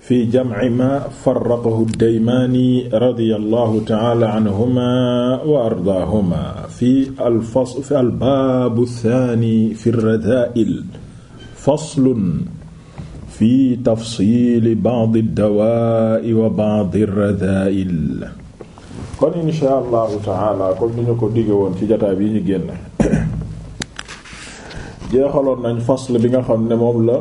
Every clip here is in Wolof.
fi jamci ma farraqahu daymaani radiyallahu ta'ala anhuma wa ardaahuma fi alfasl fi albaabu thaani fi radaa'il faslun fi tafsiili ba'di dawaa'i wa ba'di radaa'il. kon incha allahu ta'ala kon ni ñu ko dige woon ci jotaay bi ñu génn jeexaloon nañ fasl bi nga xam ne moom la.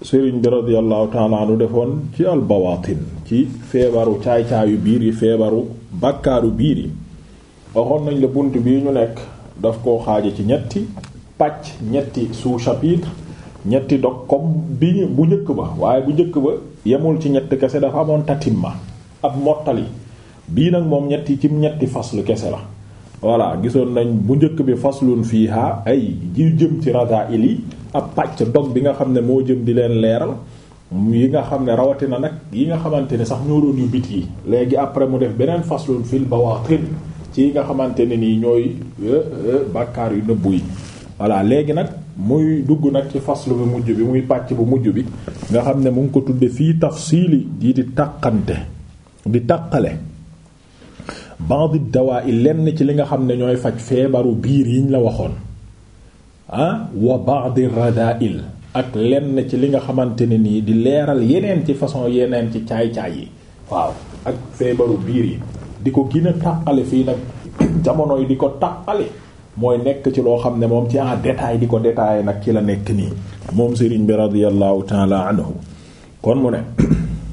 sëriñ bi radiyallahu taala anu defoon ci albawaatin ci feebaru caay-caayu biir yi feebaru bakkaaru biir yi waxoon nañ la bunt bi ñu nekk daf ko xaaje ci ñetti pàcc ñetti sous ñetti dog bi bu njëkk ba waaye bu njëkk ba yemul ci ñett kese dafa amoon tatimma ab mottali bii nag moom ñetti ci ñetti faslu kese la voilà gisoon nañ bu njëkk bi faslun fiiha ay ji jëm ci radaa'ili ab pàcc dog bi nga xam ne moo jëm di leen leeral yi nga xam ne rawatina nag yi nga xamante ne sax ñoo doon yu biti yi léegi après mu def beneen faslun fil bawaatin ci yi nga xamante ne nii ñooy euh, euh, bàkkaar yu nëbbu yi voilà léegi nag muy dugg nag ci faslu bu mujj bi muy pàcc bu mujj bi nga xam ne mu ngi ko tudde fii tafsiili di di taqante di taqale ba'd ad-dawaa'i lenn ci li nga xam ne ñooy faj feebaru biir yiñ la waxoon ah wa ba'di radail ak lenn ci li nga xamante ne nii di leeral yeneen ci façon yeneen ci caay-caay yi waaw ak feebaru biir yi di ko gën a fii nag jamono yi di ko tàqale mooy nekk ci loo xam ne moom ci en détail di ko détaillé nag ki la nekk nii moom sëriñ bi radiyallahu taala anhu kon mu ne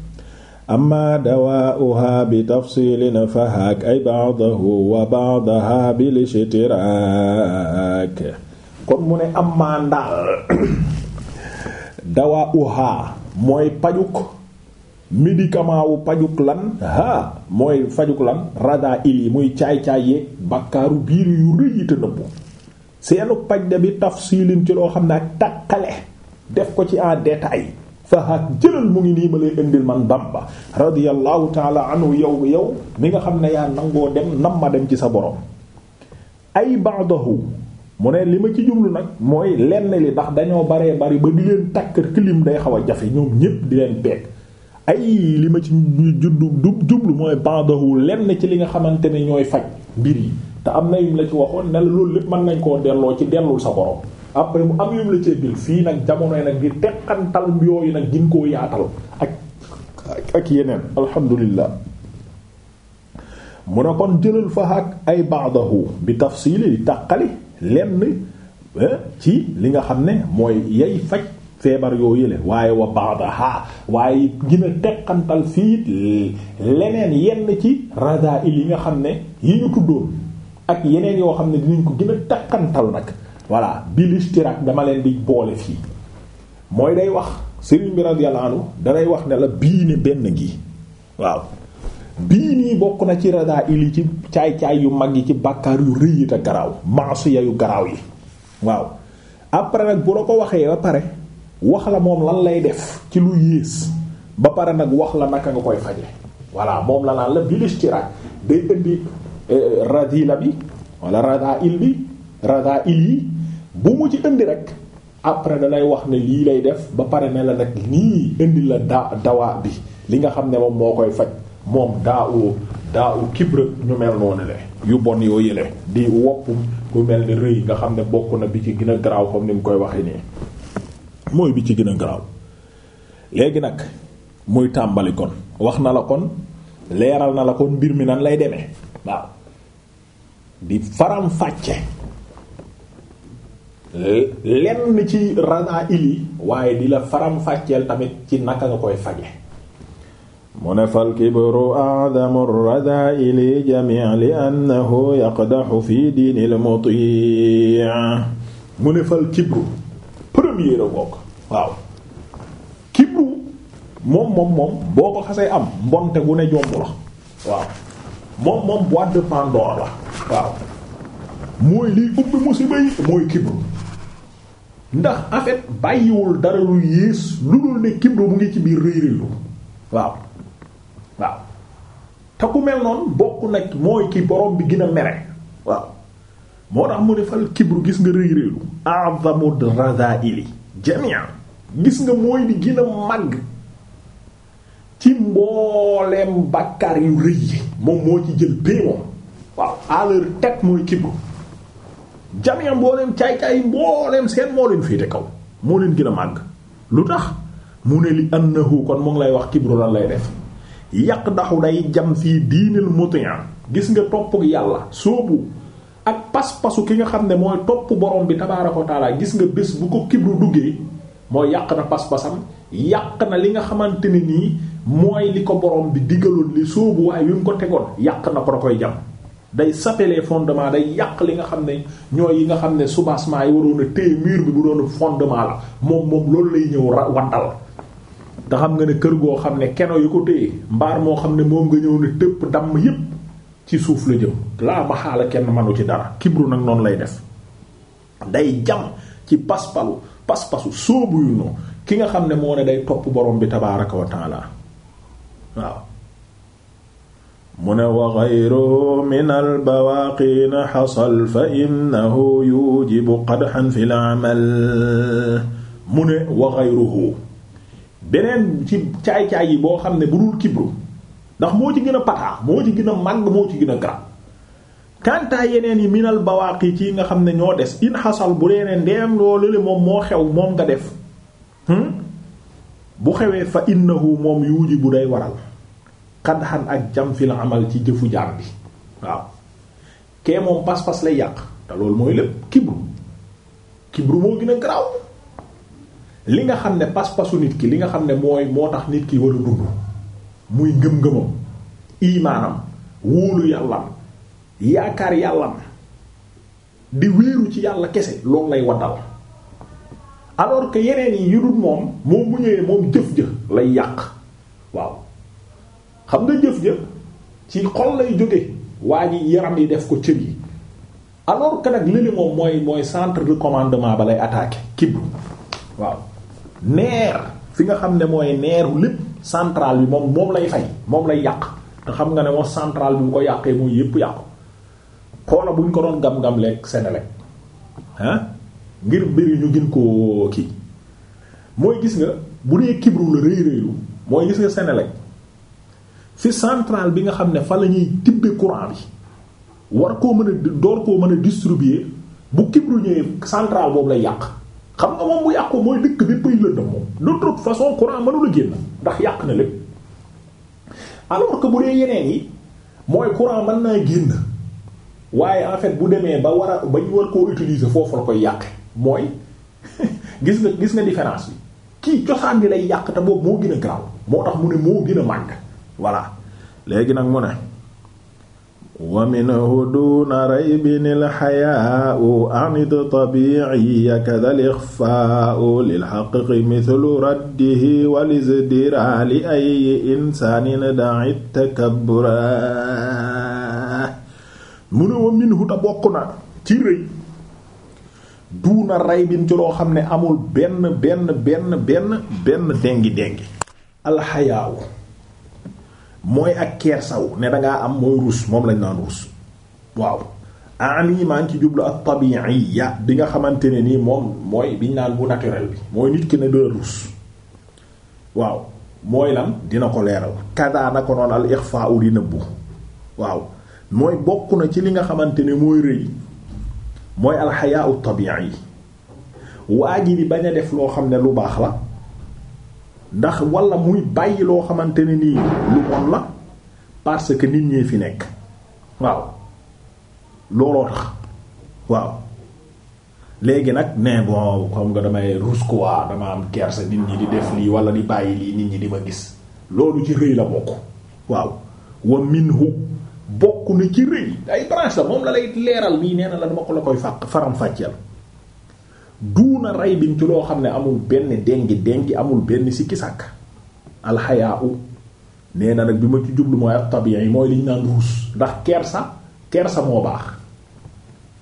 amma dawaa'uha bi tafsilin fahaak ay ba'dahu wa ba'daha bil ishtiraak kon mu ne am maa ndaal dawaa uhaa mooy pajuk médicament wu pajuk lan haa mooy fajuk lan rada il yi muy caay-caay yeeg bàkkaaru biir yu rëy te nëbbu seenu paj da bi tafsilin ci loo xam ne ak takkale def ko ci en ay fahaat jëlal mu ngi nii ma lay indil man Bamba radiyallahu taala anhu yow yow mi nga xam ne yaa nangoo dem nam ma dem ci sa borom ay ba'dahu mu ne li ma ci jublu nag mooy lenn li ndax dañoo baree bari ba di leen takk kilim day xaw a jafe ñoom ñépp di leen beeg ay li ma ci juddu du jublu mooy bandahu lenn ci li nga xamante ne ñooy faj mbir yi te am na yum la ci waxoon ne la loolu lépp man nañ koo delloo ci dellul sa borom après mu am yum la ci bil fii nag jamonoy nag di teqantal yooyu nag gin koo yaatal ak ak yeneen alhamdulillah mu ne kon jëlal fa ak ay bandahu bi tafsili di taqali lenn eh, ci li nga xam ne mooy yay faj feebar yoo yële waaye wa ba'daha waaye gën a teqantal fiit leneen yenn ci radaa'il yi nga xam ne yi ñu tuddoon ak yeneen yoo xam ne dinañ ko gën a teqantal nag voilà bil dama leen di boole fii mooy day wax sëriñ bi radiyallahu anhu danay wax ne la bii ne benn gi waaw bii nii bokk na ci radaa ili ci caay-caay yu mag yi ci bàkkaar yu rëy yi te garaaw maasiya yu garaaw yi waaw après nag bu la ko waxee ba pare wax la moom lan lay def ci lu ba pare nag wax la naka nga voilà moom la bilis ci raaj day indi euh, radila bi wala radaa il bi radaa yi bu mu ci indi rek après da lay wax ne lii lay def ba pare ne la nag nii indi la da bi li nga xam ne moom moo koy faj moom daa u daa u kibra ñu mel noonu le yu bon yoo yële di woppum ku mel ni rëy nga xam ne bokk na bi ci gën a garaaw comme ni mu koy waxee nii mooy bi ci gën a garaaw léegi nag muy tàmbali kon wax na la kon leeral na la kon mbir mi nan lay demee waaw di faram fàcce lenn ci ranaa ili waaye di la faram fàcceel tamit ci naka nga koy faje mu ne fal kibru a'zamu radaaili jamii li annahu yaqdaxu fi diinil muti mu ne fal kibru premier bokk waaw kibru moom moom moom boo ko xasee am mbonte gu ne jomb la waaw moom moom boîte de la waaw mooy liy ubbi musiba yi mooy kibru ndax en fait bàyyiwul dara lu yées lu dul ne kibru mu ngi ci biir rëy waaw te ku mel noonu bokk nag mooy ki borom bi gën a mere waaw moo tax mu ne fal gis nga rëy rëylu a'zamu razaili jami'a gis nga mooy bi gën a màgg ci mbooleem bàkkaar yu rëy yi moom moo ci jël pay waaw à leur mooy kibru jami'a mbooleem caay-caay mbooleem seen moo leen féete kaw moo leen gën a màgg lu tax mu ne li annahu kon mu lay wax kibru la lay def yàq ndaxu day jam fii diinil mutian gis nga topp yàlla soobu ak pas-pasu ki nga xam ne mooy topp borom bi tabaaraka wa taala gis nga bés bu ko kibru duggee mooy yàq na pas-pasam yàq na li nga xamante ni nii mooy li ko borom bi digaloon li soobu waaye yu mu ko tegoon yàq na ko da koy jam day saper les day yàq li nga xam ne ñooy yi nga xam ne soubassement yi waroon a téye bi bu doon fondement la moom moom loolu lay ñëw ra te xam nga ne kër goo xam ne keno yu ko téye mbaar moo xam ne moo nga ñëw ne tëpp damm yépp ci suuf la jëm laa ma xaala kenn manu ci dara kibru nag noonu lay def day jam ci paspalu paspasu sóobu yu no ki nga xam ne moo ne day topp borom bi tabaaraka wa waaw mu ne wa ghayru min al xasal fa innahu yujibu qadhan fil amal mu ne wa ghayruhu beneen ci caay-caay yi boo xam ne bu dul kibru ndax moo ci gën a pataax moo ci gën a màgg moo ci gën a garab kantaa yeneen yi minal bawaaqi ci nga xam ne ñoo des in xasal bu dee ne ndeem loolu le moom moo xew moom nga def hmm? bu xewee fa innahu moom yuuji bu day waral xadxan ak jam la amal ci jëfu jaam bi waaw kee moom pas-pas lay yàq te loolu mooy lépp kibru kibru moo gën a garaaw li nga xam ne pas-pasu nit ki li nga xam ne mooy moo tax nit ki war a dund muy ngëm-ngëmam imaanam wóolu yàllam yaakaar yàllam di wéeru ci yàlla kese loolu lay waddal alors que yeneen yi yu dul moom moom bu ñëwee moom jëf jë lay yàq waaw xam nga jëf-jëf ci xol lay jóge waa ji yaram yi def ko cër yi alors que nag lëli mooy mooy centre de commandement ba lay attaque kibru waaw neer fi nga xam ne mooy neeru lépp central bi moom moom lay fay moom lay yàq te xam nga ne moom central bi bu ko yàqee mooy yépp yàqu xoola buñ ko doon gam-gam leeg Senelec ah ngir mbiri ñu gën koo kii mooy gis nga bu dee kibru mooy gis nga Senelec fi centrale bi nga xam ne fa la ñuy tibbe courant bi war koo mën a door koo mën a distribuer bu kibru ñëwee centrale boobu lay yàq xam nga moom bu yàqu mooy dëkk bépp ay lëndëm moom de toute façon courant mënula génn ndax yàq na lépp alors que bu dee yeneen yi mooy courant mën naa génn waaye en bu demee ba war a ba ñu war koo utiliser foofu la koy yàq mooy gis nga gis nga différence bi kii cosaan bi lay yàq te boobu moo gën a garaaw moo tax mu ne moo gën a màgg voilà léegi nag mu ne wa minhu duuna raybin alxayaau anid tabici yakada lixfaau lilxaqiqi mithlu raddihi walizdira li ay insaanin daci takabbura mu ne wa minhu ta bokk na ci rëy duuna raybin ci loo xam ne amul benn benn benn benn benn déngi déngi alxayaawu mooy ak saw ne dangaa am mooy ruus moom lañ naan ruus waaw ani maa ngi ci jublu ak tabi'iyya bi nga xamante ne nii moom mooy biñ naan bu naturel bi mooy nit ki ne doo ruus waaw mooy lan dina ko leeral kada na ko noon al ixfaa'u li nëbbu waaw mooy bokk na ci li nga xamante ne mooy rëy mooy alxayaatu yi waa ji di bañ a def loo xam ne lu baax la ndax walla muy bàyyi loo xamante ne nii lu bon la parce que nit ñee fi nekk waaw looloo tax waaw léegi nag ne bon xam nga damay rus quoi dama am kersa nit ñi di def lii wala di bàyyi lii nit ñi di ma gis loolu ci rëy la bokk waaw wa minhu bokk na ci rëy ay branche la moom la lay leeral lii nee na la dama ko la koy fàq faram fàcceel duuna ray bin ci loo xam ne amul benn dengi dengi amul benn sikki sàkk alxayaa u nee na nag bi ma ci jublu mooy ak tabi'i mooy liñ naan ruus ndax baax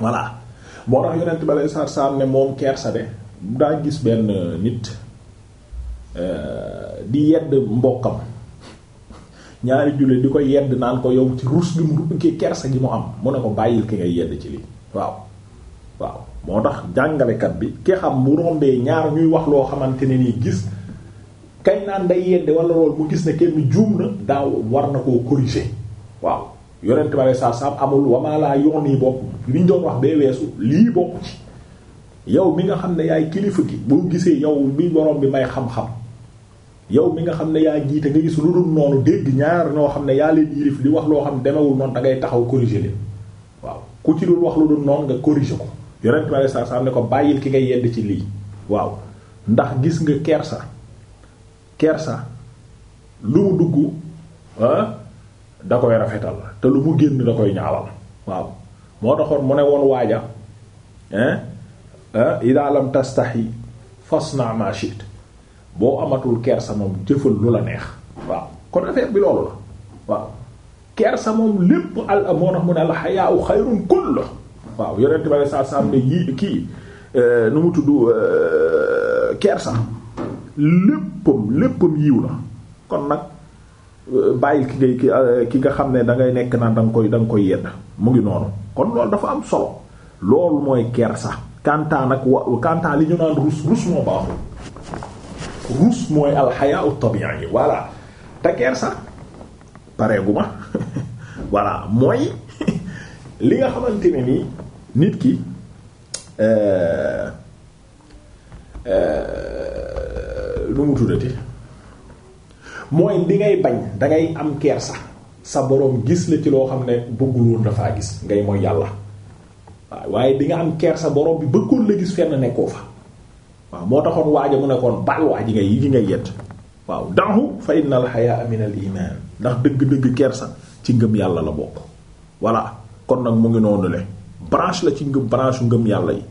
voilà moo tax yonent moom kersa de daa gis benn nit euh, di yedd mbokkam ñaari jullit di ko yedd naan ko yow ci ruus gi mu kersa gi mu am mu ne ko bàyyil ki ngay yedd ci lii waaw waaw moo tax jàngalekat bi ki xam bu rombee ñaar ñuy wax loo xamante ne nii gis kañ naan day yedde walla lool mu gis ne kenn juum na daaw war na koo corriger waaw yonent bale saa saam amul wamaa laa yoon yi bokk li ñu doon wax bee weesu lii bokk ci yow mi nga xam ne yaay kilifa gi boo gisee yow bi borom bi may xam yow mi nga xam ne yaa jiite nga gis lu dul noonu dégg ñaar ñoo xam ne yaa leen yilif li wax loo xam ne demewul noonu da ngay taxaw corriger leen waaw ku ci dul wax lu dul noonu nga ko yonent bi alei satu salaam ne ki nga yedd ci lii waaw gis nga kersa kersa lu dugg ah, da koy rafetal te lu mu génn da koy ñaawal waaw moo taxoon ne woon waaja ah, ah, ida lam tastaxi fasna ma shit boo amatul kersa moom jëfal lu la neex waaw kon affaire bi loolu la waaw kersa moom lépp al moo tax mu ne al xayaa xayrun kullu waaw yonent bi saa saa ne yii kii euh, nu mu tudd euh, kersa léppam léppam yiw na kon nag euh, bàyyil ki ngay ki ki nga xam ne dangay nekk naan danga nga koy da nga koy yedd mu ngi noonu kon loolu dafa am solo loolu mooy kersa. kantaan ak wa kantaan li ñu naan rus rus moo baaxul rus mooy alxayaa at-tabi'i voilà te pare pareegu ma voilà mooy li nga xamante ne nii. nit ki lu euh, euh, mu tuddati mooy li ngay bañ dangay am kersa sa boroom gis la ci loo xam ne bëggul dafaa gis ngay mooy yàlla waaw waaye di nga am kersa boroom bi bëggoon la gis fenn nekkoo fa waaw moo taxoon waaja mu nekkoon baal waa yi ngay yi ngay yet waaw dahu fa inna al hayaa min al iman ndax dëgg-dëgg kersa ci ngëm yàlla la bokk voilà kon nag mu ngi noonu le branche la ci ngëm branche ngëm yàlla yi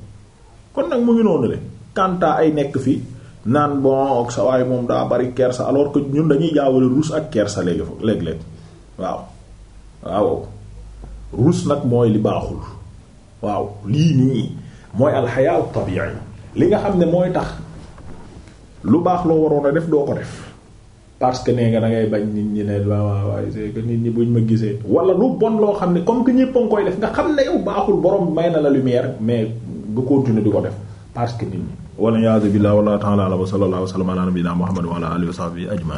kon nag mu ngi noonu le kanta ay nekk fi naan bon ak sa waay daa bari kersa alors ko ñun dañuy jaawale rus ak kersa léegi léeg-léeg waaw waaw rus nag mooy li baaxul waaw lii nii mooy alxayaa tabi'i li nga xam ne mooy tax lu baax loo waroon a def doo ko def parce que nee nga da bañ nit ñi ne waaw waaw waaye c'est nit ñi buñ ma gisee wala lu bon loo xam ne comme que ñépp a ngi koy def nga xam ne yow baaxul borom may na la lumière mais nga continuer di ko def parce que nit ñi wala ya'zu billahi wala ta'ala wa sallallahu wa sallama ala nabiyyina muhammad wa ala alihi wa sahbihi ajma'in